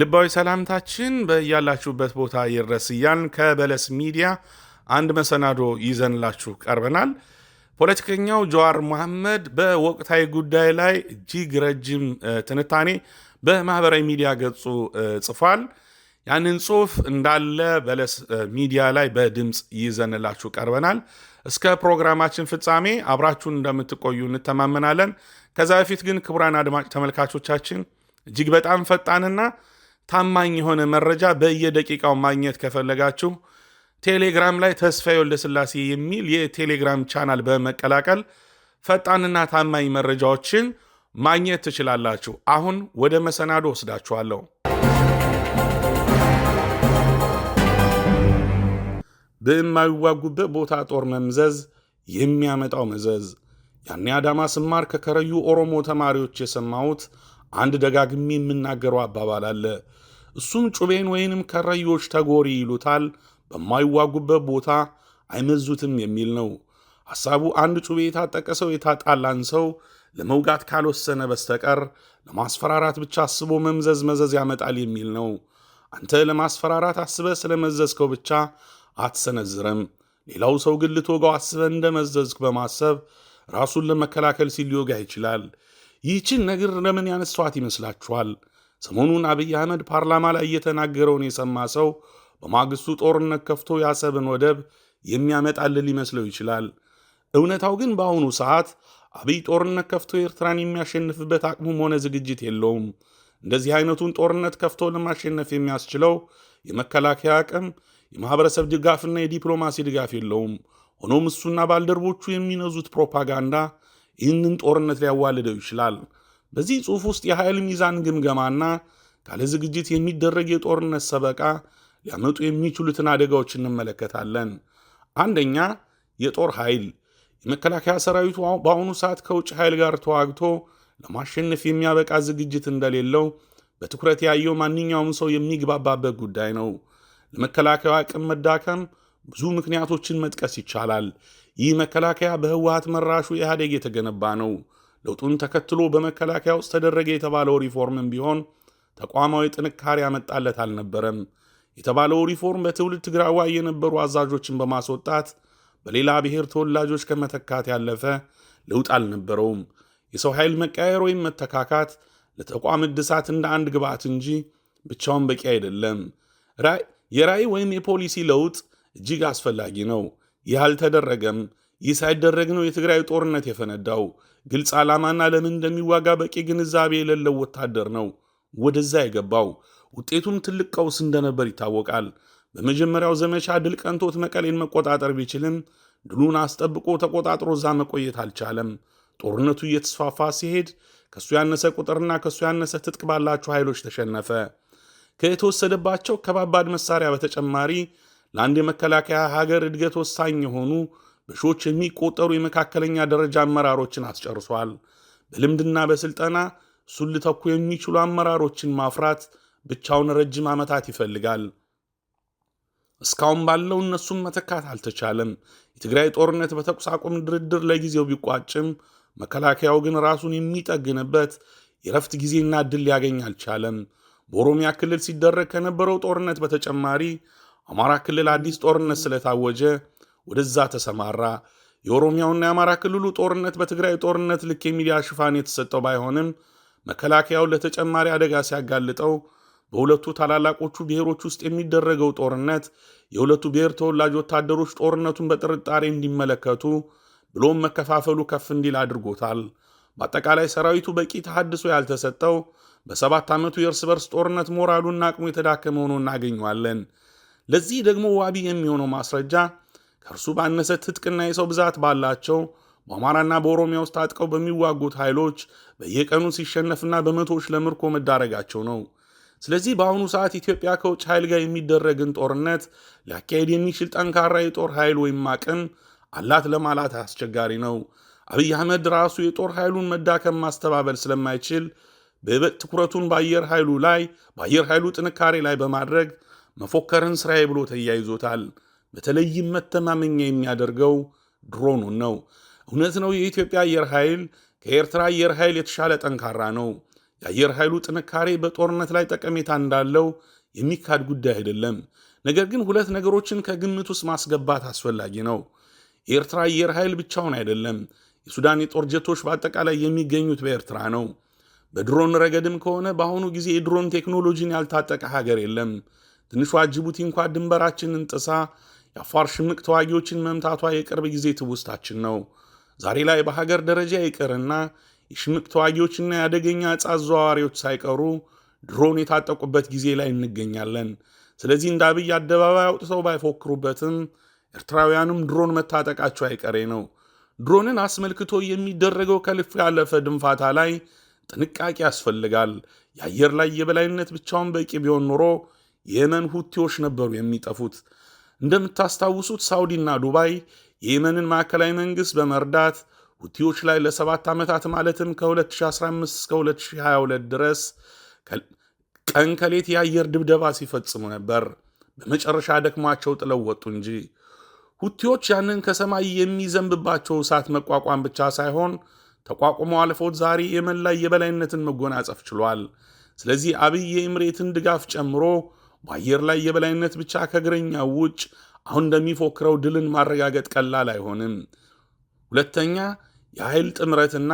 ልባዊ ሰላምታችን በያላችሁበት ቦታ ይድረስ እያልን ከበለስ ሚዲያ አንድ መሰናዶ ይዘንላችሁ ቀርበናል። ፖለቲከኛው ጀዋር መሐመድ በወቅታዊ ጉዳይ ላይ እጅግ ረጅም ትንታኔ በማህበራዊ ሚዲያ ገጹ ጽፏል። ያንን ጽሑፍ እንዳለ በለስ ሚዲያ ላይ በድምፅ ይዘንላችሁ ቀርበናል። እስከ ፕሮግራማችን ፍጻሜ አብራችሁን እንደምትቆዩ እንተማመናለን። ከዛ በፊት ግን ክቡራን አድማጭ ተመልካቾቻችን እጅግ በጣም ፈጣንና ታማኝ የሆነ መረጃ በየደቂቃው ማግኘት ከፈለጋችሁ ቴሌግራም ላይ ተስፋ ወልደስላሴ የሚል የቴሌግራም ቻናል በመቀላቀል ፈጣንና ታማኝ መረጃዎችን ማግኘት ትችላላችሁ። አሁን ወደ መሰናዶ ወስዳችኋለሁ። በማይዋጉበት ቦታ ጦር መምዘዝ የሚያመጣው መዘዝ። ያኔ አዳማ ስማር ከከረዩ ኦሮሞ ተማሪዎች የሰማሁት አንድ ደጋግሜ የምናገረው አባባል አለ። እሱም ጩቤን ወይንም ከረዮች ተጎሪ ይሉታል። በማይዋጉበት ቦታ አይመዙትም የሚል ነው። ሐሳቡ አንድ ጩቤ የታጠቀ ሰው የታጣላን ሰው ለመውጋት ካልወሰነ በስተቀር ለማስፈራራት ብቻ አስቦ መምዘዝ መዘዝ ያመጣል የሚል ነው። አንተ ለማስፈራራት አስበ ስለመዘዝከው ብቻ አትሰነዝርም። ሌላው ሰው ግን ልትወጋው አስበ እንደመዘዝክ በማሰብ ራሱን ለመከላከል ሲል ሊወጋ ይችላል። ይህችን ነገር ለምን ያነሷት ይመስላችኋል? ሰሞኑን አብይ አህመድ ፓርላማ ላይ እየተናገረውን የሰማ ሰው በማግስቱ ጦርነት ከፍቶ የአሰብን ወደብ የሚያመጣል ሊመስለው ይችላል። እውነታው ግን በአሁኑ ሰዓት አብይ ጦርነት ከፍቶ ኤርትራን የሚያሸንፍበት አቅሙም ሆነ ዝግጅት የለውም። እንደዚህ አይነቱን ጦርነት ከፍቶ ለማሸነፍ የሚያስችለው የመከላከያ አቅም፣ የማኅበረሰብ ድጋፍና የዲፕሎማሲ ድጋፍ የለውም። ሆኖም እሱና ባልደረቦቹ የሚነዙት ፕሮፓጋንዳ ይህንን ጦርነት ሊያዋልደው ይችላል። በዚህ ጽሑፍ ውስጥ የኃይል ሚዛን ግምገማና ካለ ዝግጅት የሚደረግ የጦርነት ሰበቃ ሊያመጡ የሚችሉትን አደጋዎች እንመለከታለን። አንደኛ፣ የጦር ኃይል። የመከላከያ ሰራዊቱ በአሁኑ ሰዓት ከውጭ ኃይል ጋር ተዋግቶ ለማሸነፍ የሚያበቃ ዝግጅት እንደሌለው በትኩረት ያየው ማንኛውም ሰው የሚግባባበት ጉዳይ ነው። ለመከላከያ አቅም መዳከም ብዙ ምክንያቶችን መጥቀስ ይቻላል። ይህ መከላከያ በህወሀት መራሹ ኢህአዴግ የተገነባ ነው። ለውጡን ተከትሎ በመከላከያ ውስጥ ተደረገ የተባለው ሪፎርምም ቢሆን ተቋማዊ ጥንካሬ ያመጣለት አልነበረም። የተባለው ሪፎርም በትውልድ ትግራዋይ የነበሩ አዛዦችን በማስወጣት በሌላ ብሔር ተወላጆች ከመተካት ያለፈ ለውጥ አልነበረውም። የሰው ኃይል መቀየር ወይም መተካካት ለተቋም እድሳት እንደ አንድ ግብዓት እንጂ ብቻውን በቂ አይደለም። የራይ ወይም የፖሊሲ ለውጥ እጅግ አስፈላጊ ነው። ይህ አልተደረገም። ይህ ሳይደረግ ነው የትግራይ ጦርነት የፈነዳው። ግልጽ ዓላማና ለምን እንደሚዋጋ በቂ ግንዛቤ የሌለው ወታደር ነው ወደዛ የገባው። ውጤቱም ትልቅ ቀውስ እንደነበር ይታወቃል። በመጀመሪያው ዘመቻ ድል ቀንቶት መቀሌን መቆጣጠር ቢችልም ድሉን አስጠብቆ ተቆጣጥሮ እዛ መቆየት አልቻለም። ጦርነቱ እየተስፋፋ ሲሄድ ከእሱ ያነሰ ቁጥርና ከእሱ ያነሰ ትጥቅ ባላቸው ኃይሎች ተሸነፈ። ከተወሰደባቸው ከባባድ መሳሪያ በተጨማሪ ለአንድ የመከላከያ ሀገር እድገት ወሳኝ የሆኑ በሺዎች የሚቆጠሩ የመካከለኛ ደረጃ አመራሮችን አስጨርሷል። በልምድና በስልጠና እሱን ሊተኩ የሚችሉ አመራሮችን ማፍራት ብቻውን ረጅም ዓመታት ይፈልጋል። እስካሁን ባለው እነሱም መተካት አልተቻለም። የትግራይ ጦርነት በተኩስ አቁም ድርድር ለጊዜው ቢቋጭም መከላከያው ግን ራሱን የሚጠግንበት የረፍት ጊዜና እድል ሊያገኝ አልቻለም። በኦሮሚያ ክልል ሲደረግ ከነበረው ጦርነት በተጨማሪ አማራ ክልል አዲስ ጦርነት ስለታወጀ ወደዛ ተሰማራ። የኦሮሚያውና የአማራ ክልሉ ጦርነት በትግራይ ጦርነት ልክ የሚዲያ ሽፋን የተሰጠው ባይሆንም መከላከያውን ለተጨማሪ አደጋ ሲያጋልጠው በሁለቱ ታላላቆቹ ብሔሮች ውስጥ የሚደረገው ጦርነት የሁለቱ ብሔር ተወላጅ ወታደሮች ጦርነቱን በጥርጣሬ እንዲመለከቱ ብሎም መከፋፈሉ ከፍ እንዲል አድርጎታል። በአጠቃላይ ሰራዊቱ በቂ ተሀድሶ ያልተሰጠው በሰባት ዓመቱ የእርስ በርስ ጦርነት ሞራሉና አቅሙ የተዳከመ ሆኖ እናገኘዋለን። ለዚህ ደግሞ ዋቢ የሚሆነው ማስረጃ ከእርሱ ባነሰ ትጥቅና የሰው ብዛት ባላቸው በአማራና በኦሮሚያ ውስጥ ታጥቀው በሚዋጉት ኃይሎች በየቀኑ ሲሸነፍና በመቶዎች ለምርኮ መዳረጋቸው ነው። ስለዚህ በአሁኑ ሰዓት ኢትዮጵያ ከውጭ ኃይል ጋር የሚደረግን ጦርነት ሊያካሄድ የሚችል ጠንካራ የጦር ኃይል ወይም አቅም አላት ለማላት አስቸጋሪ ነው። አብይ አህመድ ራሱ የጦር ኃይሉን መዳከም ማስተባበል ስለማይችል በበጥ ትኩረቱን በአየር ኃይሉ ላይ በአየር ኃይሉ ጥንካሬ ላይ በማድረግ መፎከርን ስራዬ ብሎ ተያይዞታል። በተለይም መተማመኛ የሚያደርገው ድሮኑን ነው። እውነት ነው፣ የኢትዮጵያ አየር ኃይል ከኤርትራ አየር ኃይል የተሻለ ጠንካራ ነው። የአየር ኃይሉ ጥንካሬ በጦርነት ላይ ጠቀሜታ እንዳለው የሚካድ ጉዳይ አይደለም። ነገር ግን ሁለት ነገሮችን ከግምት ውስጥ ማስገባት አስፈላጊ ነው። የኤርትራ አየር ኃይል ብቻውን አይደለም። የሱዳን የጦር ጀቶች በአጠቃላይ የሚገኙት በኤርትራ ነው። በድሮን ረገድም ከሆነ በአሁኑ ጊዜ የድሮን ቴክኖሎጂን ያልታጠቀ ሀገር የለም። ትንሿ ጅቡቲ እንኳ ድንበራችንን ጥሳ የአፋር ሽምቅ ተዋጊዎችን መምታቷ የቅርብ ጊዜ ትውስታችን ነው። ዛሬ ላይ በሀገር ደረጃ ይቅርና የሽምቅ ተዋጊዎችና የአደገኛ ዕፅ አዘዋዋሪዎች ሳይቀሩ ድሮን የታጠቁበት ጊዜ ላይ እንገኛለን። ስለዚህ እንደ አብይ አደባባይ አውጥተው ባይፎክሩበትም ኤርትራውያኑም ድሮን መታጠቃቸው አይቀሬ ነው። ድሮንን አስመልክቶ የሚደረገው ከልፍ ያለፈ ድንፋታ ላይ ጥንቃቄ ያስፈልጋል። የአየር ላይ የበላይነት ብቻውን በቂ ቢሆን ኖሮ የየመን ሁቲዎች ነበሩ የሚጠፉት። እንደምታስታውሱት ሳውዲና ዱባይ የየመንን ማዕከላዊ መንግሥት በመርዳት ሁቲዎች ላይ ለሰባት ዓመታት ማለትም ከ2015 እስከ 2022 ድረስ ቀን ከሌት የአየር ድብደባ ሲፈጽሙ ነበር። በመጨረሻ ደክሟቸው ጥለው ወጡ እንጂ ሁቲዎች ያንን ከሰማይ የሚዘንብባቸው እሳት መቋቋም ብቻ ሳይሆን ተቋቁመው አልፎት ዛሬ የመን ላይ የበላይነትን መጎናጸፍ ችሏል። ስለዚህ አብይ የኢምሬትን ድጋፍ ጨምሮ በአየር ላይ የበላይነት ብቻ ከእግረኛ ውጭ አሁን እንደሚፎክረው ድልን ማረጋገጥ ቀላል አይሆንም። ሁለተኛ የኃይል ጥምረትና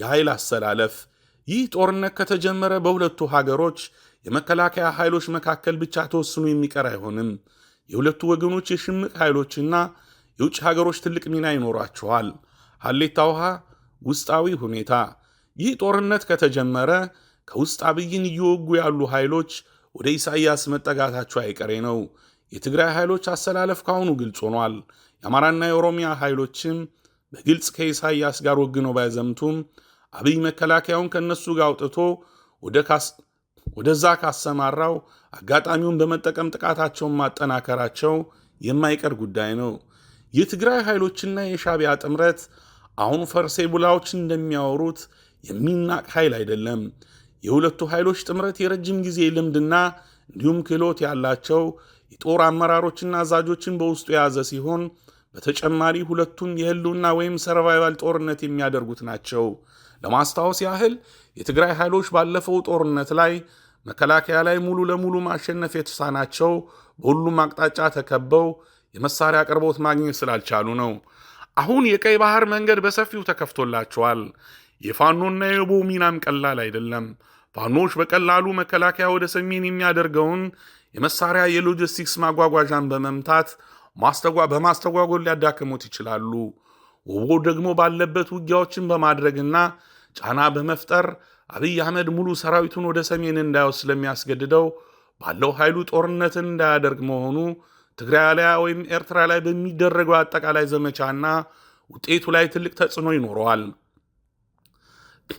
የኃይል አሰላለፍ። ይህ ጦርነት ከተጀመረ በሁለቱ ሀገሮች የመከላከያ ኃይሎች መካከል ብቻ ተወስኖ የሚቀር አይሆንም። የሁለቱ ወገኖች የሽምቅ ኃይሎችና የውጭ ሀገሮች ትልቅ ሚና ይኖሯቸዋል። ሀሌታ ውሃ ውስጣዊ ሁኔታ። ይህ ጦርነት ከተጀመረ ከውስጥ አብይን እየወጉ ያሉ ኃይሎች ወደ ኢሳይያስ መጠጋታቸው አይቀሬ ነው። የትግራይ ኃይሎች አሰላለፍ ካሁኑ ግልጽ ሆኗል። የአማራና የኦሮሚያ ኃይሎችም በግልጽ ከኢሳይያስ ጋር ወግነው ባይዘምቱም አብይ መከላከያውን ከእነሱ ጋር አውጥቶ ወደዛ ካሰማራው አጋጣሚውን በመጠቀም ጥቃታቸውን ማጠናከራቸው የማይቀር ጉዳይ ነው። የትግራይ ኃይሎችና የሻቢያ ጥምረት አሁን ፈርሴ ቡላዎች እንደሚያወሩት የሚናቅ ኃይል አይደለም። የሁለቱ ኃይሎች ጥምረት የረጅም ጊዜ ልምድና እንዲሁም ክህሎት ያላቸው የጦር አመራሮችና አዛዦችን በውስጡ የያዘ ሲሆን በተጨማሪ ሁለቱም የህልውና ወይም ሰርቫይቫል ጦርነት የሚያደርጉት ናቸው። ለማስታወስ ያህል የትግራይ ኃይሎች ባለፈው ጦርነት ላይ መከላከያ ላይ ሙሉ ለሙሉ ማሸነፍ የተሳናቸው በሁሉም አቅጣጫ ተከበው የመሳሪያ አቅርቦት ማግኘት ስላልቻሉ ነው። አሁን የቀይ ባህር መንገድ በሰፊው ተከፍቶላቸዋል። የፋኖና የቦ ሚናም ቀላል አይደለም። ፋኖች በቀላሉ መከላከያ ወደ ሰሜን የሚያደርገውን የመሳሪያ የሎጂስቲክስ ማጓጓዣን በመምታት በማስተጓጎል ሊያዳክሙት ይችላሉ። ውቦ ደግሞ ባለበት ውጊያዎችን በማድረግና ጫና በመፍጠር አብይ አህመድ ሙሉ ሰራዊቱን ወደ ሰሜን እንዳይወስድ ስለሚያስገድደው ባለው ኃይሉ ጦርነትን እንዳያደርግ መሆኑ ትግራይ ላይ ወይም ኤርትራ ላይ በሚደረገው አጠቃላይ ዘመቻና ውጤቱ ላይ ትልቅ ተጽዕኖ ይኖረዋል።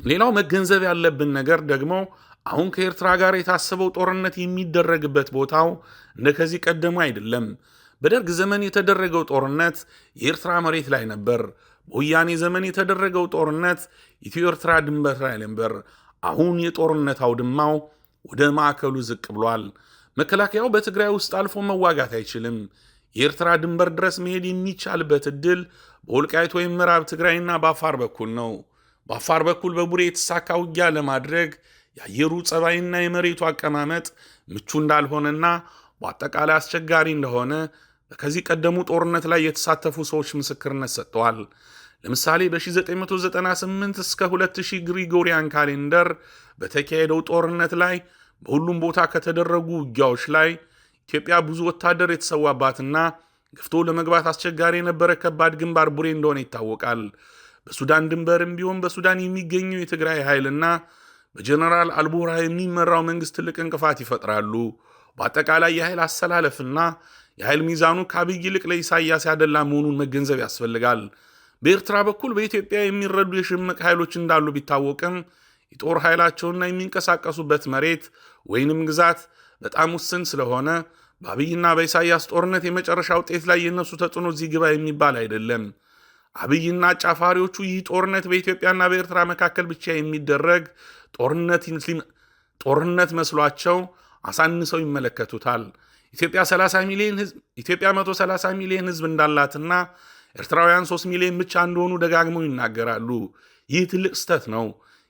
ሌላው መገንዘብ ያለብን ነገር ደግሞ አሁን ከኤርትራ ጋር የታሰበው ጦርነት የሚደረግበት ቦታው እንደ ከዚህ ቀደሙ አይደለም። በደርግ ዘመን የተደረገው ጦርነት የኤርትራ መሬት ላይ ነበር። በወያኔ ዘመን የተደረገው ጦርነት ኢትዮ ኤርትራ ድንበር ላይ ነበር። አሁን የጦርነት አውድማው ወደ ማዕከሉ ዝቅ ብሏል። መከላከያው በትግራይ ውስጥ አልፎ መዋጋት አይችልም። የኤርትራ ድንበር ድረስ መሄድ የሚቻልበት ዕድል በወልቃይት ወይም ምዕራብ ትግራይና በአፋር በኩል ነው። በአፋር በኩል በቡሬ የተሳካ ውጊያ ለማድረግ የአየሩ ጸባይና የመሬቱ አቀማመጥ ምቹ እንዳልሆነና በአጠቃላይ አስቸጋሪ እንደሆነ በከዚህ ቀደሙ ጦርነት ላይ የተሳተፉ ሰዎች ምስክርነት ሰጥተዋል። ለምሳሌ በ1998 እስከ 2000 ግሪጎሪያን ካሌንደር በተካሄደው ጦርነት ላይ በሁሉም ቦታ ከተደረጉ ውጊያዎች ላይ ኢትዮጵያ ብዙ ወታደር የተሰዋባትና ገፍቶ ለመግባት አስቸጋሪ የነበረ ከባድ ግንባር ቡሬ እንደሆነ ይታወቃል። በሱዳን ድንበርም ቢሆን በሱዳን የሚገኘው የትግራይ ኃይልና በጀነራል አልቦራ የሚመራው መንግስት ትልቅ እንቅፋት ይፈጥራሉ። በአጠቃላይ የኃይል አሰላለፍና የኃይል ሚዛኑ ከአብይ ይልቅ ለኢሳያስ ያደላ መሆኑን መገንዘብ ያስፈልጋል። በኤርትራ በኩል በኢትዮጵያ የሚረዱ የሽምቅ ኃይሎች እንዳሉ ቢታወቅም የጦር ኃይላቸውና የሚንቀሳቀሱበት መሬት ወይንም ግዛት በጣም ውስን ስለሆነ በአብይና በኢሳያስ ጦርነት የመጨረሻ ውጤት ላይ የነሱ ተጽዕኖ እዚህ ግባ የሚባል አይደለም። አብይና አጫፋሪዎቹ ይህ ጦርነት በኢትዮጵያና በኤርትራ መካከል ብቻ የሚደረግ ጦርነት መስሏቸው አሳንሰው ይመለከቱታል። ኢትዮጵያ 130 ሚሊዮን ህዝብ እንዳላትና ኤርትራውያን 3 ሚሊዮን ብቻ እንደሆኑ ደጋግመው ይናገራሉ። ይህ ትልቅ ስህተት ነው።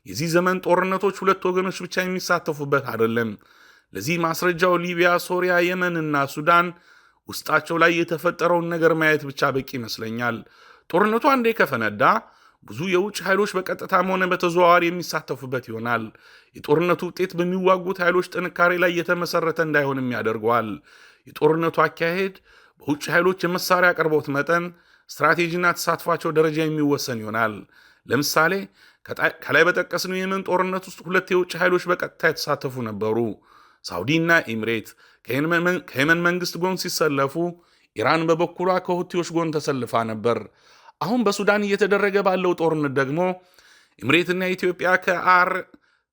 የዚህ ዘመን ጦርነቶች ሁለት ወገኖች ብቻ የሚሳተፉበት አይደለም። ለዚህ ማስረጃው ሊቢያ፣ ሶሪያ፣ የመን እና ሱዳን ውስጣቸው ላይ የተፈጠረውን ነገር ማየት ብቻ በቂ ይመስለኛል። ጦርነቱ አንዴ ከፈነዳ ብዙ የውጭ ኃይሎች በቀጥታም ሆነ በተዘዋዋሪ የሚሳተፉበት ይሆናል። የጦርነቱ ውጤት በሚዋጉት ኃይሎች ጥንካሬ ላይ የተመሰረተ እንዳይሆንም ያደርገዋል። የጦርነቱ አካሄድ በውጭ ኃይሎች የመሳሪያ አቅርቦት መጠን፣ ስትራቴጂና ተሳትፏቸው ደረጃ የሚወሰን ይሆናል። ለምሳሌ ከላይ በጠቀስነው የመን ጦርነት ውስጥ ሁለት የውጭ ኃይሎች በቀጥታ የተሳተፉ ነበሩ። ሳውዲ እና ኤሚሬት ከየመን መንግስት ጎን ሲሰለፉ፣ ኢራን በበኩሏ ከሁቲዎች ጎን ተሰልፋ ነበር። አሁን በሱዳን እየተደረገ ባለው ጦርነት ደግሞ ኢምሬትና ኢትዮጵያ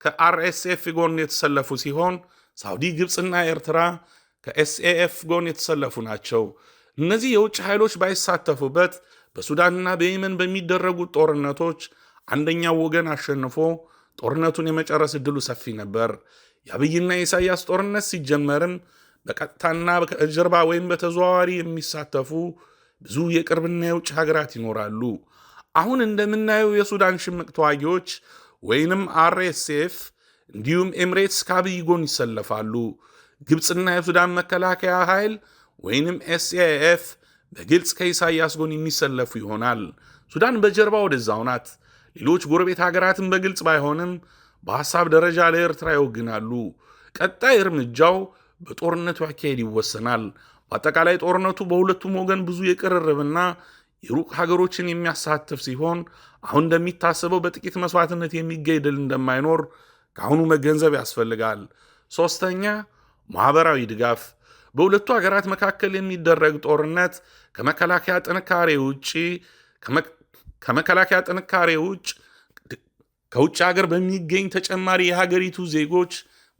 ከአርኤስኤፍ ጎን የተሰለፉ ሲሆን ሳውዲ፣ ግብፅና ኤርትራ ከኤስኤኤፍ ጎን የተሰለፉ ናቸው። እነዚህ የውጭ ኃይሎች ባይሳተፉበት በሱዳንና በየመን በሚደረጉት ጦርነቶች አንደኛው ወገን አሸንፎ ጦርነቱን የመጨረስ እድሉ ሰፊ ነበር። የአብይና የኢሳያስ ጦርነት ሲጀመርም በቀጥታና ከጀርባ ወይም በተዘዋዋሪ የሚሳተፉ ብዙ የቅርብና የውጭ ሀገራት ይኖራሉ። አሁን እንደምናየው የሱዳን ሽምቅ ተዋጊዎች ወይንም አርኤስኤፍ እንዲሁም ኤምሬትስ ከአብይ ጎን ይሰለፋሉ። ግብፅና የሱዳን መከላከያ ኃይል ወይንም ኤስኤኤፍ በግልጽ ከኢሳያስ ጎን የሚሰለፉ ይሆናል። ሱዳን በጀርባ ወደዛው ናት። ሌሎች ጎረቤት ሀገራትን በግልጽ ባይሆንም በሐሳብ ደረጃ ለኤርትራ ይወግናሉ። ቀጣይ እርምጃው በጦርነቱ አካሄድ ይወሰናል። በአጠቃላይ ጦርነቱ በሁለቱም ወገን ብዙ የቅርርብና የሩቅ ሀገሮችን የሚያሳትፍ ሲሆን አሁን እንደሚታሰበው በጥቂት መስዋዕትነት የሚገኝ ድል እንደማይኖር ከአሁኑ መገንዘብ ያስፈልጋል። ሶስተኛ፣ ማኅበራዊ ድጋፍ። በሁለቱ ሀገራት መካከል የሚደረግ ጦርነት ከመከላከያ ጥንካሬ ውጭ ከመከላከያ ጥንካሬ ውጭ ከውጭ ሀገር በሚገኝ ተጨማሪ የሀገሪቱ ዜጎች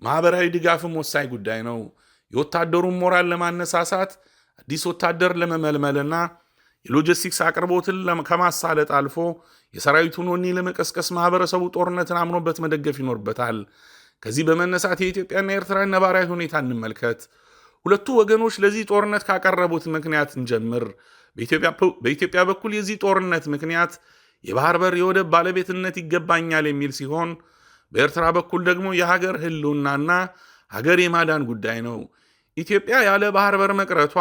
ማኅበራዊ ድጋፍም ወሳኝ ጉዳይ ነው። የወታደሩን ሞራል ለማነሳሳት አዲስ ወታደር ለመመልመልና የሎጂስቲክስ አቅርቦትን ከማሳለጥ አልፎ የሰራዊቱን ወኔ ለመቀስቀስ ማህበረሰቡ ጦርነትን አምኖበት መደገፍ ይኖርበታል። ከዚህ በመነሳት የኢትዮጵያና የኤርትራ ነባራዊ ሁኔታ እንመልከት። ሁለቱ ወገኖች ለዚህ ጦርነት ካቀረቡት ምክንያት እንጀምር። በኢትዮጵያ በኩል የዚህ ጦርነት ምክንያት የባህር በር የወደብ ባለቤትነት ይገባኛል የሚል ሲሆን፣ በኤርትራ በኩል ደግሞ የሀገር ህልውናና ሀገር የማዳን ጉዳይ ነው። ኢትዮጵያ ያለ ባህር በር መቅረቷ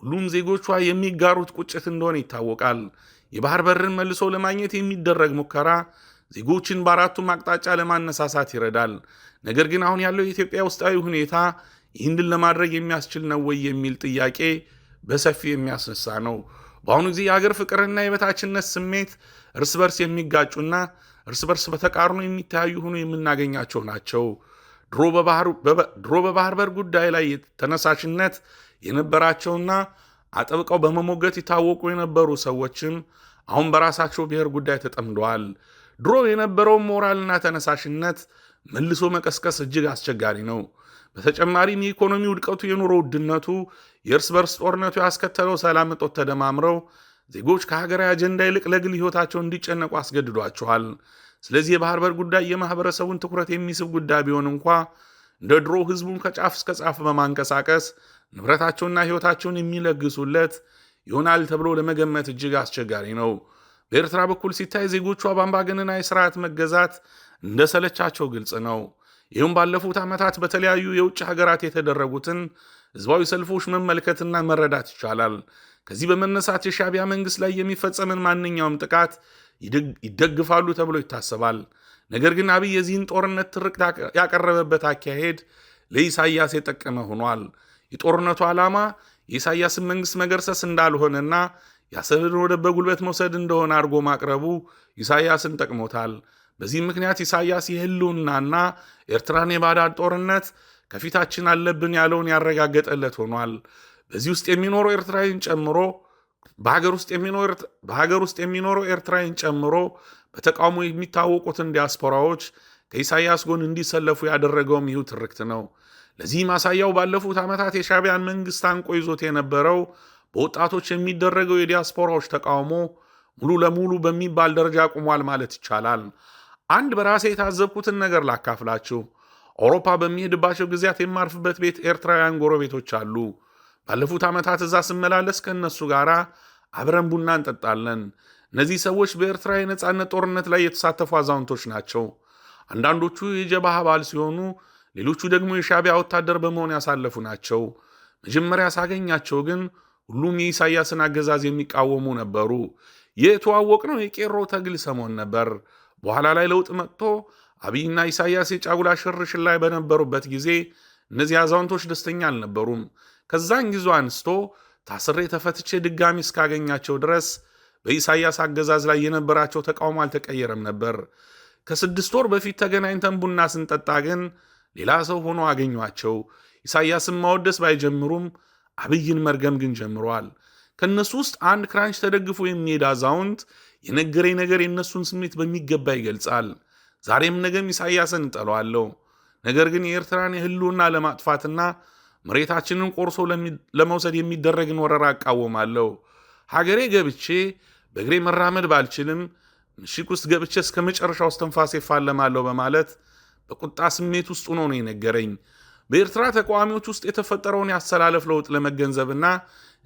ሁሉም ዜጎቿ የሚጋሩት ቁጭት እንደሆነ ይታወቃል። የባህር በርን መልሶ ለማግኘት የሚደረግ ሙከራ ዜጎችን በአራቱም አቅጣጫ ለማነሳሳት ይረዳል። ነገር ግን አሁን ያለው የኢትዮጵያ ውስጣዊ ሁኔታ ይህንን ለማድረግ የሚያስችል ነው ወይ የሚል ጥያቄ በሰፊው የሚያስነሳ ነው። በአሁኑ ጊዜ የሀገር ፍቅርና የበታችነት ስሜት እርስ በርስ የሚጋጩና እርስ በርስ በተቃርኖ የሚተያዩ ሆኖ የምናገኛቸው ናቸው። ድሮ በባህር በር ጉዳይ ላይ ተነሳሽነት የነበራቸውና አጥብቀው በመሞገት ይታወቁ የነበሩ ሰዎችም አሁን በራሳቸው ብሔር ጉዳይ ተጠምደዋል። ድሮ የነበረውን ሞራልና ተነሳሽነት መልሶ መቀስቀስ እጅግ አስቸጋሪ ነው። በተጨማሪም የኢኮኖሚ ውድቀቱ፣ የኑሮ ውድነቱ፣ የእርስ በርስ ጦርነቱ ያስከተለው ሰላም እጦት ተደማምረው ዜጎች ከሀገራዊ አጀንዳ ይልቅ ለግል ሕይወታቸው እንዲጨነቁ አስገድዷቸዋል። ስለዚህ የባህር በር ጉዳይ የማህበረሰቡን ትኩረት የሚስብ ጉዳይ ቢሆን እንኳ እንደ ድሮ ህዝቡን ከጫፍ እስከ ጫፍ በማንቀሳቀስ ንብረታቸውና ህይወታቸውን የሚለግሱለት ይሆናል ተብሎ ለመገመት እጅግ አስቸጋሪ ነው። በኤርትራ በኩል ሲታይ ዜጎቿ በአምባገነናዊ ስርዓት መገዛት እንደሰለቻቸው ግልጽ ነው። ይህም ባለፉት ዓመታት በተለያዩ የውጭ ሀገራት የተደረጉትን ህዝባዊ ሰልፎች መመልከትና መረዳት ይቻላል። ከዚህ በመነሳት የሻቢያ መንግሥት ላይ የሚፈጸምን ማንኛውም ጥቃት ይደግፋሉ ተብሎ ይታሰባል። ነገር ግን አብይ የዚህን ጦርነት ትርክት ያቀረበበት አካሄድ ለኢሳያስ የጠቀመ ሆኗል። የጦርነቱ ዓላማ የኢሳያስን መንግሥት መገርሰስ እንዳልሆነና የአሰብን ወደብ በጉልበት መውሰድ እንደሆነ አድርጎ ማቅረቡ ኢሳያስን ጠቅሞታል። በዚህም ምክንያት ኢሳያስ የህልውናና ኤርትራን የባዳድ ጦርነት ከፊታችን አለብን ያለውን ያረጋገጠለት ሆኗል። በዚህ ውስጥ የሚኖሩ ኤርትራዊን ጨምሮ በሀገር ውስጥ የሚኖረው ኤርትራን ጨምሮ በተቃውሞ የሚታወቁትን ዲያስፖራዎች ከኢሳያስ ጎን እንዲሰለፉ ያደረገውም ይህ ትርክት ነው። ለዚህ ማሳያው ባለፉት ዓመታት የሻቢያን መንግስት አንቆ ይዞት የነበረው በወጣቶች የሚደረገው የዲያስፖራዎች ተቃውሞ ሙሉ ለሙሉ በሚባል ደረጃ ቁሟል ማለት ይቻላል። አንድ በራሴ የታዘብኩትን ነገር ላካፍላችሁ። አውሮፓ በሚሄድባቸው ጊዜያት የማርፍበት ቤት ኤርትራውያን ጎረቤቶች አሉ። ባለፉት ዓመታት እዛ ስመላለስ ከእነሱ ጋር አብረን ቡና እንጠጣለን። እነዚህ ሰዎች በኤርትራ የነፃነት ጦርነት ላይ የተሳተፉ አዛውንቶች ናቸው። አንዳንዶቹ የጀባህ አባል ሲሆኑ፣ ሌሎቹ ደግሞ የሻቢያ ወታደር በመሆን ያሳለፉ ናቸው። መጀመሪያ ሳገኛቸው ግን ሁሉም የኢሳያስን አገዛዝ የሚቃወሙ ነበሩ። የተዋወቅነው የቄሮ ተግል ሰሞን ነበር። በኋላ ላይ ለውጥ መጥቶ አብይና ኢሳያስ የጫጉላ ሽርሽር ላይ በነበሩበት ጊዜ እነዚህ አዛውንቶች ደስተኛ አልነበሩም። ከዛን ጊዜ አንስቶ ታስሬ ተፈትቼ ድጋሚ እስካገኛቸው ድረስ በኢሳያስ አገዛዝ ላይ የነበራቸው ተቃውሞ አልተቀየረም ነበር። ከስድስት ወር በፊት ተገናኝተን ቡና ስንጠጣ ግን ሌላ ሰው ሆኖ አገኟቸው። ኢሳያስን ማወደስ ባይጀምሩም አብይን መርገም ግን ጀምረዋል። ከእነሱ ውስጥ አንድ ክራንች ተደግፎ የሚሄድ አዛውንት የነገረኝ ነገር የእነሱን ስሜት በሚገባ ይገልጻል። ዛሬም ነገም ኢሳይያስን እጠለዋለሁ፣ ነገር ግን የኤርትራን የህልውና ለማጥፋትና መሬታችንን ቆርሶ ለመውሰድ የሚደረግን ወረራ እቃወማለሁ። ሀገሬ ገብቼ በእግሬ መራመድ ባልችልም ምሽግ ውስጥ ገብቼ እስከ መጨረሻው እስትንፋሴ እፋለማለሁ በማለት በቁጣ ስሜት ውስጥ ሆኖ ነው የነገረኝ። በኤርትራ ተቃዋሚዎች ውስጥ የተፈጠረውን ያሰላለፍ ለውጥ ለመገንዘብና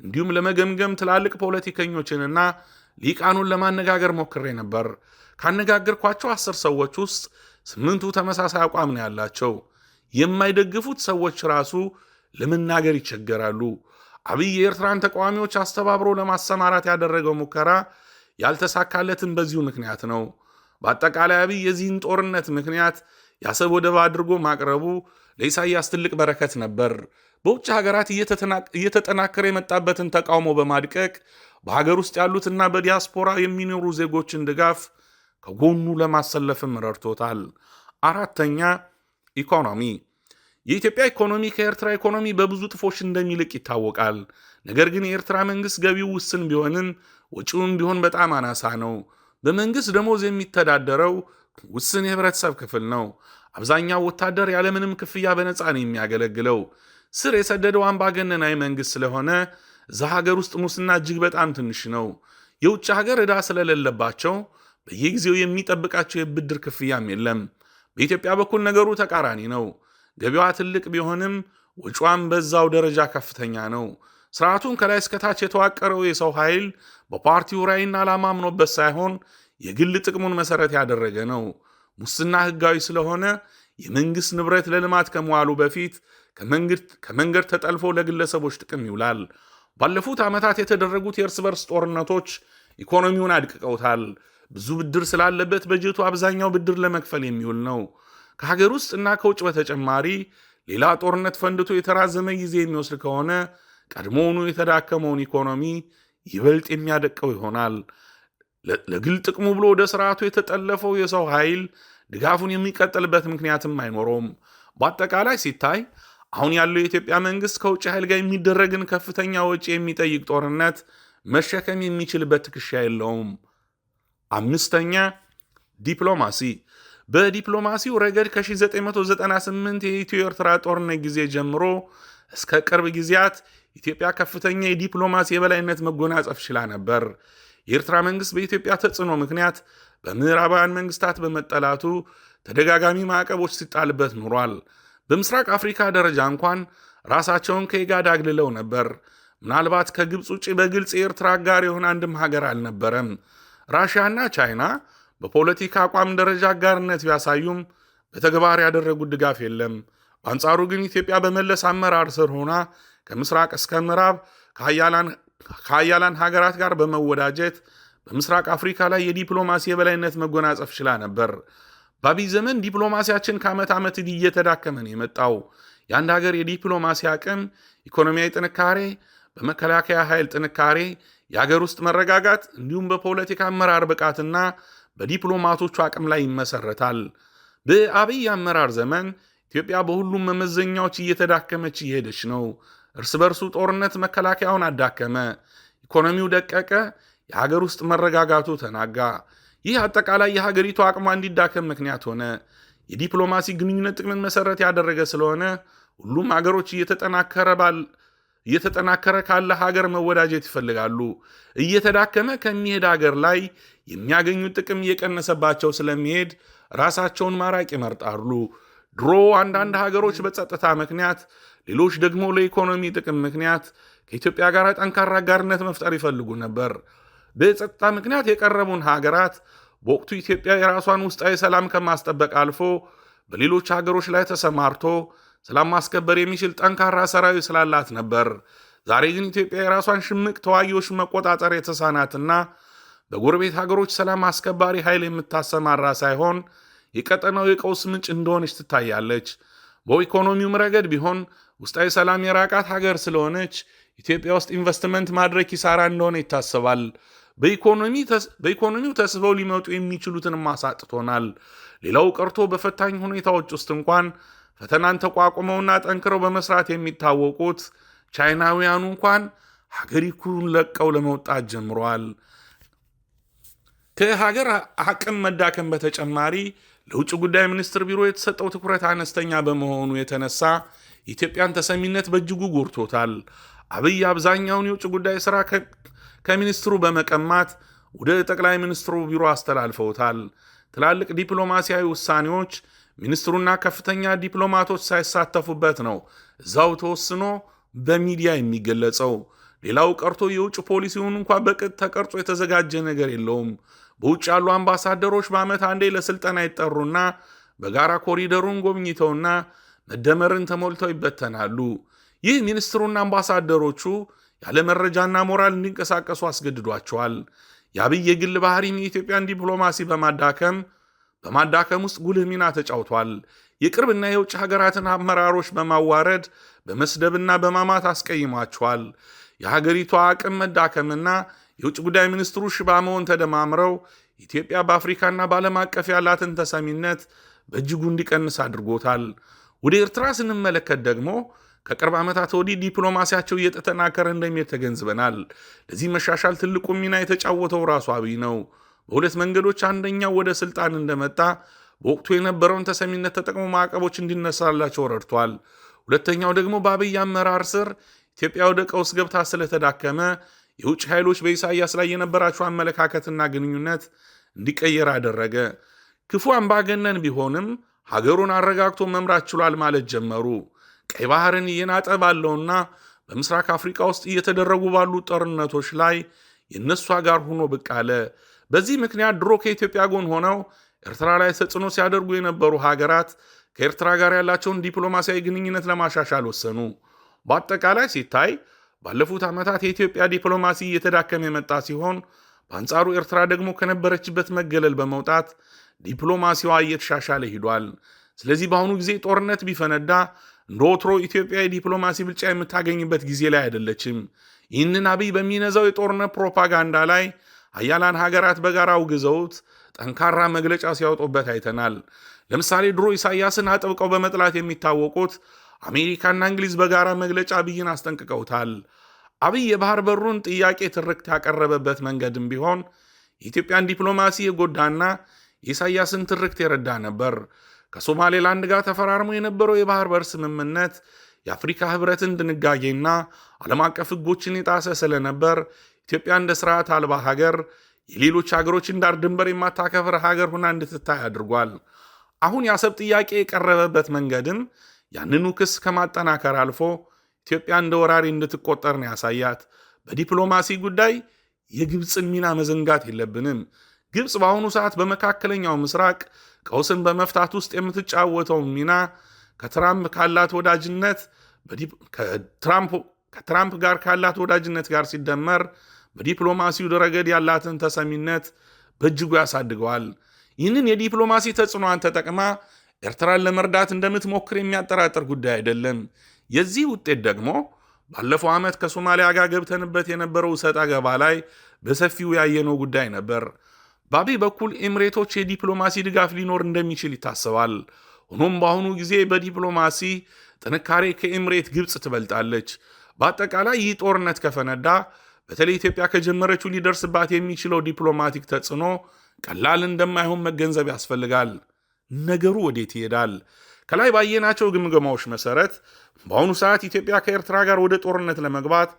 እንዲሁም ለመገምገም ትላልቅ ፖለቲከኞችንና ሊቃኑን ለማነጋገር ሞክሬ ነበር። ካነጋገርኳቸው አስር ሰዎች ውስጥ ስምንቱ ተመሳሳይ አቋም ነው ያላቸው። የማይደግፉት ሰዎች ራሱ ለመናገር ይቸገራሉ። አብይ የኤርትራን ተቃዋሚዎች አስተባብሮ ለማሰማራት ያደረገው ሙከራ ያልተሳካለትን በዚሁ ምክንያት ነው። በአጠቃላይ አብይ የዚህን ጦርነት ምክንያት የአሰብ ወደብ አድርጎ ማቅረቡ ለኢሳያስ ትልቅ በረከት ነበር። በውጭ ሀገራት እየተጠናከረ የመጣበትን ተቃውሞ በማድቀቅ በሀገር ውስጥ ያሉትና በዲያስፖራ የሚኖሩ ዜጎችን ድጋፍ ከጎኑ ለማሰለፍም ረድቶታል። አራተኛ ኢኮኖሚ የኢትዮጵያ ኢኮኖሚ ከኤርትራ ኢኮኖሚ በብዙ ጥፎች እንደሚልቅ ይታወቃል። ነገር ግን የኤርትራ መንግስት ገቢው ውስን ቢሆንም ወጪውም ቢሆን በጣም አናሳ ነው። በመንግስት ደሞዝ የሚተዳደረው ውስን የህብረተሰብ ክፍል ነው። አብዛኛው ወታደር ያለምንም ክፍያ በነፃ ነው የሚያገለግለው። ስር የሰደደው አምባገነናዊ መንግስት ስለሆነ እዛ ሀገር ውስጥ ሙስና እጅግ በጣም ትንሽ ነው። የውጭ ሀገር ዕዳ ስለሌለባቸው በየጊዜው የሚጠብቃቸው የብድር ክፍያም የለም። በኢትዮጵያ በኩል ነገሩ ተቃራኒ ነው። ገቢዋ ትልቅ ቢሆንም ወጪዋም በዛው ደረጃ ከፍተኛ ነው። ስርዓቱን ከላይ እስከታች የተዋቀረው የሰው ኃይል በፓርቲው ራዕይና ዓላማ አምኖበት ሳይሆን የግል ጥቅሙን መሰረት ያደረገ ነው። ሙስና ሕጋዊ ስለሆነ የመንግሥት ንብረት ለልማት ከመዋሉ በፊት ከመንገድ ተጠልፎ ለግለሰቦች ጥቅም ይውላል። ባለፉት ዓመታት የተደረጉት የእርስ በርስ ጦርነቶች ኢኮኖሚውን አድቅቀውታል። ብዙ ብድር ስላለበት በጀቱ አብዛኛው ብድር ለመክፈል የሚውል ነው። ከሀገር ውስጥ እና ከውጭ በተጨማሪ ሌላ ጦርነት ፈንድቶ የተራዘመ ጊዜ የሚወስድ ከሆነ ቀድሞውኑ የተዳከመውን ኢኮኖሚ ይበልጥ የሚያደቀው ይሆናል። ለግል ጥቅሙ ብሎ ወደ ስርዓቱ የተጠለፈው የሰው ኃይል ድጋፉን የሚቀጥልበት ምክንያትም አይኖረውም። በአጠቃላይ ሲታይ አሁን ያለው የኢትዮጵያ መንግስት ከውጭ ኃይል ጋር የሚደረግን ከፍተኛ ወጪ የሚጠይቅ ጦርነት መሸከም የሚችልበት ትከሻ የለውም። አምስተኛ ዲፕሎማሲ በዲፕሎማሲው ረገድ ከ1998 የኢትዮ ኤርትራ ጦርነት ጊዜ ጀምሮ እስከ ቅርብ ጊዜያት ኢትዮጵያ ከፍተኛ የዲፕሎማሲ የበላይነት መጎናጸፍ ችላ ነበር። የኤርትራ መንግሥት በኢትዮጵያ ተጽዕኖ ምክንያት በምዕራባውያን መንግስታት በመጠላቱ ተደጋጋሚ ማዕቀቦች ሲጣልበት ኑሯል። በምስራቅ አፍሪካ ደረጃ እንኳን ራሳቸውን ከኢጋድ አግልለው ነበር። ምናልባት ከግብፅ ውጭ በግልጽ የኤርትራ ጋር የሆነ አንድም ሀገር አልነበረም። ራሽያና ቻይና በፖለቲካ አቋም ደረጃ አጋርነት ቢያሳዩም በተግባር ያደረጉት ድጋፍ የለም። በአንጻሩ ግን ኢትዮጵያ በመለስ አመራር ስር ሆና ከምስራቅ እስከ ምዕራብ ከአያላን ሀገራት ጋር በመወዳጀት በምስራቅ አፍሪካ ላይ የዲፕሎማሲ የበላይነት መጎናጸፍ ችላ ነበር። በአብይ ዘመን ዲፕሎማሲያችን ከዓመት ዓመት እየተዳከመን የመጣው የአንድ ሀገር የዲፕሎማሲ አቅም ኢኮኖሚያዊ ጥንካሬ፣ በመከላከያ ኃይል ጥንካሬ፣ የአገር ውስጥ መረጋጋት እንዲሁም በፖለቲካ አመራር ብቃትና በዲፕሎማቶቹ አቅም ላይ ይመሰረታል። በአብይ አመራር ዘመን ኢትዮጵያ በሁሉም መመዘኛዎች እየተዳከመች እየሄደች ነው። እርስ በርሱ ጦርነት መከላከያውን አዳከመ፣ ኢኮኖሚው ደቀቀ፣ የሀገር ውስጥ መረጋጋቱ ተናጋ። ይህ አጠቃላይ የሀገሪቱ አቅሟ እንዲዳከም ምክንያት ሆነ። የዲፕሎማሲ ግንኙነት ጥቅምን መሰረት ያደረገ ስለሆነ ሁሉም ሀገሮች እየተጠናከረ ካለ ሀገር መወዳጀት ይፈልጋሉ። እየተዳከመ ከሚሄድ ሀገር ላይ የሚያገኙት ጥቅም እየቀነሰባቸው ስለሚሄድ ራሳቸውን ማራቅ ይመርጣሉ። ድሮ አንዳንድ ሀገሮች በጸጥታ ምክንያት፣ ሌሎች ደግሞ ለኢኮኖሚ ጥቅም ምክንያት ከኢትዮጵያ ጋር ጠንካራ አጋርነት መፍጠር ይፈልጉ ነበር። በጸጥታ ምክንያት የቀረቡን ሀገራት በወቅቱ ኢትዮጵያ የራሷን ውስጣዊ ሰላም ከማስጠበቅ አልፎ በሌሎች ሀገሮች ላይ ተሰማርቶ ሰላም ማስከበር የሚችል ጠንካራ ሰራዊት ስላላት ነበር። ዛሬ ግን ኢትዮጵያ የራሷን ሽምቅ ተዋጊዎች መቆጣጠር የተሳናትና በጎረቤት ሀገሮች ሰላም አስከባሪ ኃይል የምታሰማራ ሳይሆን የቀጠናው የቀውስ ምንጭ እንደሆነች ትታያለች። በኢኮኖሚውም ረገድ ቢሆን ውስጣዊ ሰላም የራቃት ሀገር ስለሆነች ኢትዮጵያ ውስጥ ኢንቨስትመንት ማድረግ ኪሳራ እንደሆነ ይታሰባል። በኢኮኖሚው ተስበው ሊመጡ የሚችሉትንም አሳጥቶናል። ሌላው ቀርቶ በፈታኝ ሁኔታዎች ውስጥ እንኳን ፈተናን ተቋቁመውና ጠንክረው በመስራት የሚታወቁት ቻይናውያኑ እንኳን ሀገሪቱን ለቀው ለመውጣት ጀምረዋል። ከሀገር አቅም መዳከም በተጨማሪ ለውጭ ጉዳይ ሚኒስትር ቢሮ የተሰጠው ትኩረት አነስተኛ በመሆኑ የተነሳ ኢትዮጵያን ተሰሚነት በእጅጉ ጎድቶታል። አብይ አብዛኛውን የውጭ ጉዳይ ሥራ ከሚኒስትሩ በመቀማት ወደ ጠቅላይ ሚኒስትሩ ቢሮ አስተላልፈውታል። ትላልቅ ዲፕሎማሲያዊ ውሳኔዎች ሚኒስትሩና ከፍተኛ ዲፕሎማቶች ሳይሳተፉበት ነው እዛው ተወስኖ በሚዲያ የሚገለጸው። ሌላው ቀርቶ የውጭ ፖሊሲውን እንኳ በቅጥ ተቀርጾ የተዘጋጀ ነገር የለውም። በውጭ ያሉ አምባሳደሮች በዓመት አንዴ ለስልጠና ይጠሩና በጋራ ኮሪደሩን ጎብኝተውና መደመርን ተሞልተው ይበተናሉ። ይህ ሚኒስትሩና አምባሳደሮቹ ያለ መረጃና ሞራል እንዲንቀሳቀሱ አስገድዷቸዋል። የአብይ የግል ባህሪም የኢትዮጵያን ዲፕሎማሲ በማዳከም በማዳከም ውስጥ ጉልህ ሚና ተጫውቷል። የቅርብና የውጭ ሀገራትን አመራሮች በማዋረድ በመስደብና በማማት አስቀይሟቸዋል። የሀገሪቷ አቅም መዳከምና የውጭ ጉዳይ ሚኒስትሩ ሽባ መሆን ተደማምረው ኢትዮጵያ በአፍሪካና በዓለም አቀፍ ያላትን ተሰሚነት በእጅጉ እንዲቀንስ አድርጎታል። ወደ ኤርትራ ስንመለከት ደግሞ ከቅርብ ዓመታት ወዲህ ዲፕሎማሲያቸው እየተጠናከረ እንደሚሄድ ተገንዝበናል። ለዚህ መሻሻል ትልቁ ሚና የተጫወተው ራሱ አብይ ነው። በሁለት መንገዶች፣ አንደኛው ወደ ስልጣን እንደመጣ በወቅቱ የነበረውን ተሰሚነት ተጠቅሞ ማዕቀቦች እንዲነሳላቸው ረድቷል። ሁለተኛው ደግሞ በአብይ አመራር ስር ኢትዮጵያ ወደ ቀውስ ገብታ ስለተዳከመ የውጭ ኃይሎች በኢሳይያስ ላይ የነበራቸው አመለካከትና ግንኙነት እንዲቀየር አደረገ። ክፉ አምባገነን ቢሆንም ሀገሩን አረጋግቶ መምራት ችሏል ማለት ጀመሩ። ቀይ ባህርን እየናጠ ባለውና በምስራቅ አፍሪካ ውስጥ እየተደረጉ ባሉ ጦርነቶች ላይ የእነሱ ጋር ሆኖ ብቅ አለ። በዚህ ምክንያት ድሮ ከኢትዮጵያ ጎን ሆነው ኤርትራ ላይ ተጽዕኖ ሲያደርጉ የነበሩ ሀገራት ከኤርትራ ጋር ያላቸውን ዲፕሎማሲያዊ ግንኙነት ለማሻሻል ወሰኑ። በአጠቃላይ ሲታይ ባለፉት ዓመታት የኢትዮጵያ ዲፕሎማሲ እየተዳከመ የመጣ ሲሆን በአንጻሩ ኤርትራ ደግሞ ከነበረችበት መገለል በመውጣት ዲፕሎማሲዋ እየተሻሻለ ሂዷል። ስለዚህ በአሁኑ ጊዜ ጦርነት ቢፈነዳ እንደ ወትሮ ኢትዮጵያ የዲፕሎማሲ ብልጫ የምታገኝበት ጊዜ ላይ አይደለችም። ይህንን አብይ በሚነዛው የጦርነት ፕሮፓጋንዳ ላይ አያላን ሀገራት በጋራ አውግዘውት ጠንካራ መግለጫ ሲያወጡበት አይተናል። ለምሳሌ ድሮ ኢሳያስን አጥብቀው በመጥላት የሚታወቁት አሜሪካና እንግሊዝ በጋራ መግለጫ አብይን አስጠንቅቀውታል። አብይ የባህር በሩን ጥያቄ ትርክት ያቀረበበት መንገድም ቢሆን የኢትዮጵያን ዲፕሎማሲ የጎዳና የኢሳያስን ትርክት የረዳ ነበር። ከሶማሌላንድ ጋር ተፈራርሞ የነበረው የባህር በር ስምምነት የአፍሪካ ህብረትን ድንጋጌና ዓለም አቀፍ ህጎችን የጣሰ ስለነበር ኢትዮጵያ እንደ ስርዓት አልባ ሀገር የሌሎች ሀገሮችን ዳር ድንበር የማታከፍር ሀገር ሁና እንድትታይ አድርጓል። አሁን የአሰብ ጥያቄ የቀረበበት መንገድም ያንኑ ክስ ከማጠናከር አልፎ ኢትዮጵያ እንደ ወራሪ እንድትቆጠር ነው ያሳያት። በዲፕሎማሲ ጉዳይ የግብፅን ሚና መዘንጋት የለብንም። ግብፅ በአሁኑ ሰዓት በመካከለኛው ምስራቅ ቀውስን በመፍታት ውስጥ የምትጫወተው ሚና ከትራምፕ ካላት ወዳጅነት ከትራምፕ ጋር ካላት ወዳጅነት ጋር ሲደመር በዲፕሎማሲው ረገድ ያላትን ተሰሚነት በእጅጉ ያሳድገዋል። ይህንን የዲፕሎማሲ ተጽዕኖዋን ተጠቅማ ኤርትራን ለመርዳት እንደምትሞክር የሚያጠራጥር ጉዳይ አይደለም። የዚህ ውጤት ደግሞ ባለፈው ዓመት ከሶማሊያ ጋር ገብተንበት የነበረው ሰጣ አገባ ላይ በሰፊው ያየነው ጉዳይ ነበር። በአቤ በኩል ኤምሬቶች የዲፕሎማሲ ድጋፍ ሊኖር እንደሚችል ይታሰባል። ሆኖም በአሁኑ ጊዜ በዲፕሎማሲ ጥንካሬ ከኤምሬት ግብፅ ትበልጣለች። በአጠቃላይ ይህ ጦርነት ከፈነዳ በተለይ ኢትዮጵያ ከጀመረችው ሊደርስባት የሚችለው ዲፕሎማቲክ ተጽዕኖ ቀላል እንደማይሆን መገንዘብ ያስፈልጋል። ነገሩ ወዴት ይሄዳል? ከላይ ባየናቸው ግምገማዎች መሰረት በአሁኑ ሰዓት ኢትዮጵያ ከኤርትራ ጋር ወደ ጦርነት ለመግባት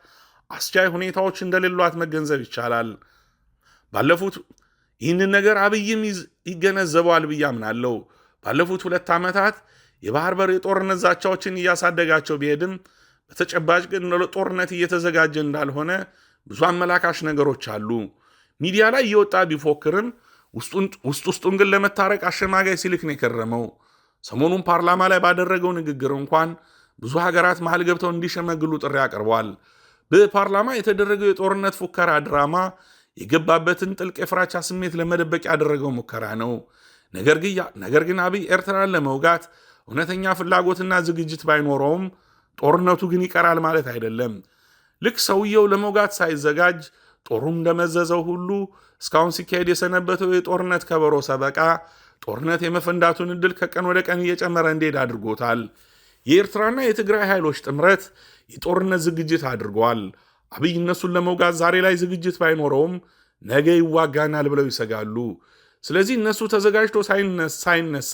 አስቻይ ሁኔታዎች እንደሌሏት መገንዘብ ይቻላል። ባለፉት ይህንን ነገር አብይም ይገነዘበዋል ብዬ አምናለሁ። ባለፉት ሁለት ዓመታት የባህር በር የጦርነት ዛቻዎችን እያሳደጋቸው ቢሄድም በተጨባጭ ግን ጦርነት እየተዘጋጀ እንዳልሆነ ብዙ አመላካሽ ነገሮች አሉ። ሚዲያ ላይ እየወጣ ቢፎክርም ውስጥ ውስጡን ግን ለመታረቅ አሸማጋይ ሲልክ ነው የከረመው። ሰሞኑን ፓርላማ ላይ ባደረገው ንግግር እንኳን ብዙ ሀገራት መሀል ገብተው እንዲሸመግሉ ጥሪ አቅርቧል። በፓርላማ የተደረገው የጦርነት ፉከራ ድራማ የገባበትን ጥልቅ የፍራቻ ስሜት ለመደበቅ ያደረገው ሙከራ ነው። ነገር ግን አብይ ኤርትራን ለመውጋት እውነተኛ ፍላጎትና ዝግጅት ባይኖረውም ጦርነቱ ግን ይቀራል ማለት አይደለም። ልክ ሰውየው ለመውጋት ሳይዘጋጅ ጦሩ እንደመዘዘው ሁሉ እስካሁን ሲካሄድ የሰነበተው የጦርነት ከበሮ ሰበቃ ጦርነት የመፈንዳቱን ዕድል ከቀን ወደ ቀን እየጨመረ እንዲሄድ አድርጎታል። የኤርትራና የትግራይ ኃይሎች ጥምረት የጦርነት ዝግጅት አድርጓል። አብይ እነሱን ለመውጋት ዛሬ ላይ ዝግጅት ባይኖረውም ነገ ይዋጋናል ብለው ይሰጋሉ። ስለዚህ እነሱ ተዘጋጅቶ ሳይነሳ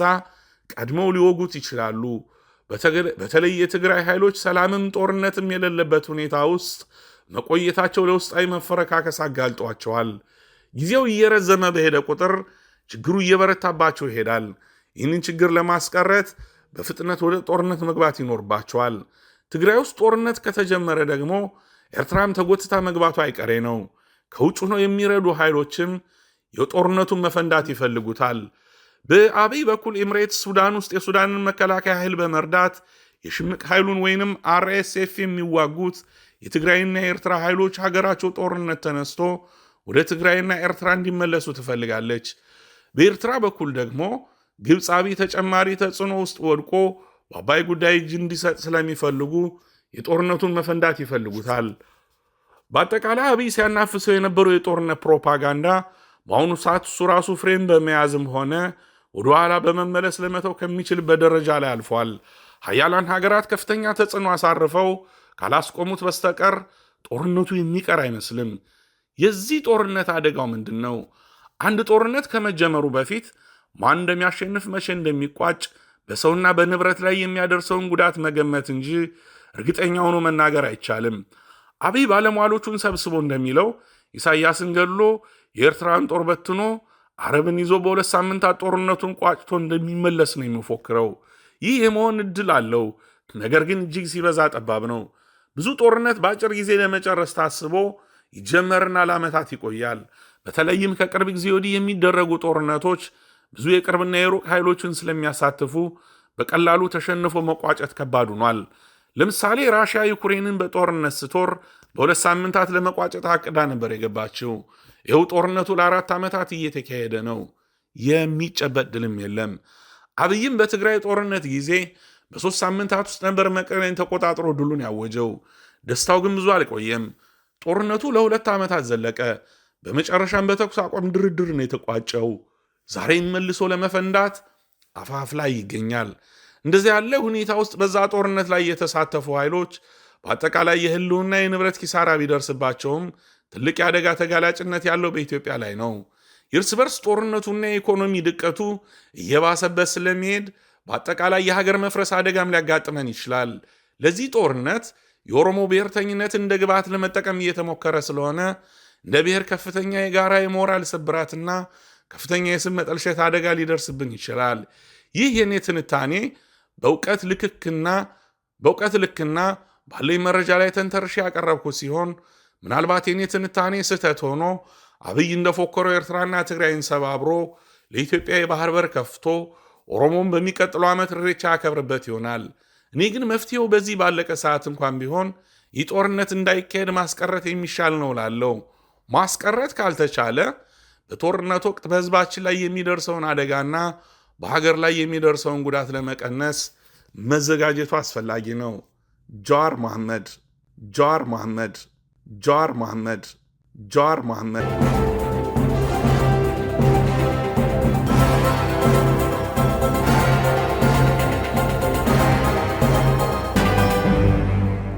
ቀድመው ሊወጉት ይችላሉ። በተለይ የትግራይ ኃይሎች ሰላምም ጦርነትም የሌለበት ሁኔታ ውስጥ መቆየታቸው ለውስጣዊ መፈረካከስ አጋልጧቸዋል። ጊዜው እየረዘመ በሄደ ቁጥር ችግሩ እየበረታባቸው ይሄዳል። ይህንን ችግር ለማስቀረት በፍጥነት ወደ ጦርነት መግባት ይኖርባቸዋል። ትግራይ ውስጥ ጦርነት ከተጀመረ ደግሞ ኤርትራም ተጎትታ መግባቱ አይቀሬ ነው። ከውጭ ሆነው የሚረዱ ኃይሎችም የጦርነቱን መፈንዳት ይፈልጉታል። በአብይ በኩል ኤምሬትስ ሱዳን ውስጥ የሱዳንን መከላከያ ኃይል በመርዳት የሽምቅ ኃይሉን ወይንም አርኤስኤፍ የሚዋጉት የትግራይና የኤርትራ ኃይሎች ሀገራቸው ጦርነት ተነስቶ ወደ ትግራይና ኤርትራ እንዲመለሱ ትፈልጋለች። በኤርትራ በኩል ደግሞ ግብፃዊ ተጨማሪ ተጽዕኖ ውስጥ ወድቆ በአባይ ጉዳይ እጅ እንዲሰጥ ስለሚፈልጉ የጦርነቱን መፈንዳት ይፈልጉታል። በአጠቃላይ አብይ ሲያናፍሰው የነበረው የጦርነት ፕሮፓጋንዳ በአሁኑ ሰዓት እሱ ራሱ ፍሬም በመያዝም ሆነ ወደ ኋላ በመመለስ ለመተው ከሚችልበት ደረጃ ላይ አልፏል። ሀያላን ሀገራት ከፍተኛ ተጽዕኖ አሳርፈው ካላስቆሙት በስተቀር ጦርነቱ የሚቀር አይመስልም። የዚህ ጦርነት አደጋው ምንድን ነው? አንድ ጦርነት ከመጀመሩ በፊት ማን እንደሚያሸንፍ፣ መቼ እንደሚቋጭ በሰውና በንብረት ላይ የሚያደርሰውን ጉዳት መገመት እንጂ እርግጠኛ ሆኖ መናገር አይቻልም። አብይ ባለሟሎቹን ሰብስቦ እንደሚለው ኢሳያስን ገድሎ የኤርትራን ጦር በትኖ አረብን ይዞ በሁለት ሳምንታት ጦርነቱን ቋጭቶ እንደሚመለስ ነው የሚፎክረው። ይህ የመሆን እድል አለው፣ ነገር ግን እጅግ ሲበዛ ጠባብ ነው። ብዙ ጦርነት በአጭር ጊዜ ለመጨረስ ታስቦ ይጀመርና ለዓመታት ይቆያል። በተለይም ከቅርብ ጊዜ ወዲህ የሚደረጉ ጦርነቶች ብዙ የቅርብና የሩቅ ኃይሎችን ስለሚያሳትፉ በቀላሉ ተሸንፎ መቋጨት ከባድ ሆኗል። ለምሳሌ ራሽያ ዩክሬንን በጦርነት ስቶር በሁለት ሳምንታት ለመቋጨት አቅዳ ነበር የገባችው። ይኸው ጦርነቱ ለአራት ዓመታት እየተካሄደ ነው። የሚጨበጥ ድልም የለም። አብይም በትግራይ ጦርነት ጊዜ በሶስት ሳምንታት ውስጥ ነበር መቀለን ተቆጣጥሮ ድሉን ያወጀው። ደስታው ግን ብዙ አልቆየም። ጦርነቱ ለሁለት ዓመታት ዘለቀ። በመጨረሻም በተኩስ አቋም ድርድር ነው የተቋጨው። ዛሬም መልሶ ለመፈንዳት አፋፍ ላይ ይገኛል። እንደዚህ ያለ ሁኔታ ውስጥ በዛ ጦርነት ላይ የተሳተፉ ኃይሎች በአጠቃላይ የህልውና የንብረት ኪሳራ ቢደርስባቸውም ትልቅ የአደጋ ተጋላጭነት ያለው በኢትዮጵያ ላይ ነው። የእርስ በርስ ጦርነቱና የኢኮኖሚ ድቀቱ እየባሰበት ስለሚሄድ በአጠቃላይ የሀገር መፍረስ አደጋም ሊያጋጥመን ይችላል። ለዚህ ጦርነት የኦሮሞ ብሔርተኝነት እንደ ግብዓት ለመጠቀም እየተሞከረ ስለሆነ እንደ ብሔር ከፍተኛ የጋራ የሞራል ስብራትና ከፍተኛ የስም መጠልሸት አደጋ ሊደርስብን ይችላል። ይህ የእኔ ትንታኔ በእውቀት ልክክና በእውቀት ልክና ባለኝ መረጃ ላይ ተንተርሼ ያቀረብኩት ሲሆን ምናልባት የኔ ትንታኔ ስህተት ሆኖ አብይ እንደፎከረው ኤርትራና ትግራይን ሰባብሮ ለኢትዮጵያ የባህር በር ከፍቶ ኦሮሞም በሚቀጥለው ዓመት እሬቻ ያከብርበት ይሆናል። እኔ ግን መፍትሄው በዚህ ባለቀ ሰዓት እንኳን ቢሆን ይህ ጦርነት እንዳይካሄድ ማስቀረት የሚሻል ነው ላለው ማስቀረት ካልተቻለ በጦርነት ወቅት በህዝባችን ላይ የሚደርሰውን አደጋና በሀገር ላይ የሚደርሰውን ጉዳት ለመቀነስ መዘጋጀቱ አስፈላጊ ነው። ጃዋር መሐመድ ጃዋር መሐመድ ጃዋር መሐመድ ጃዋር መሐመድ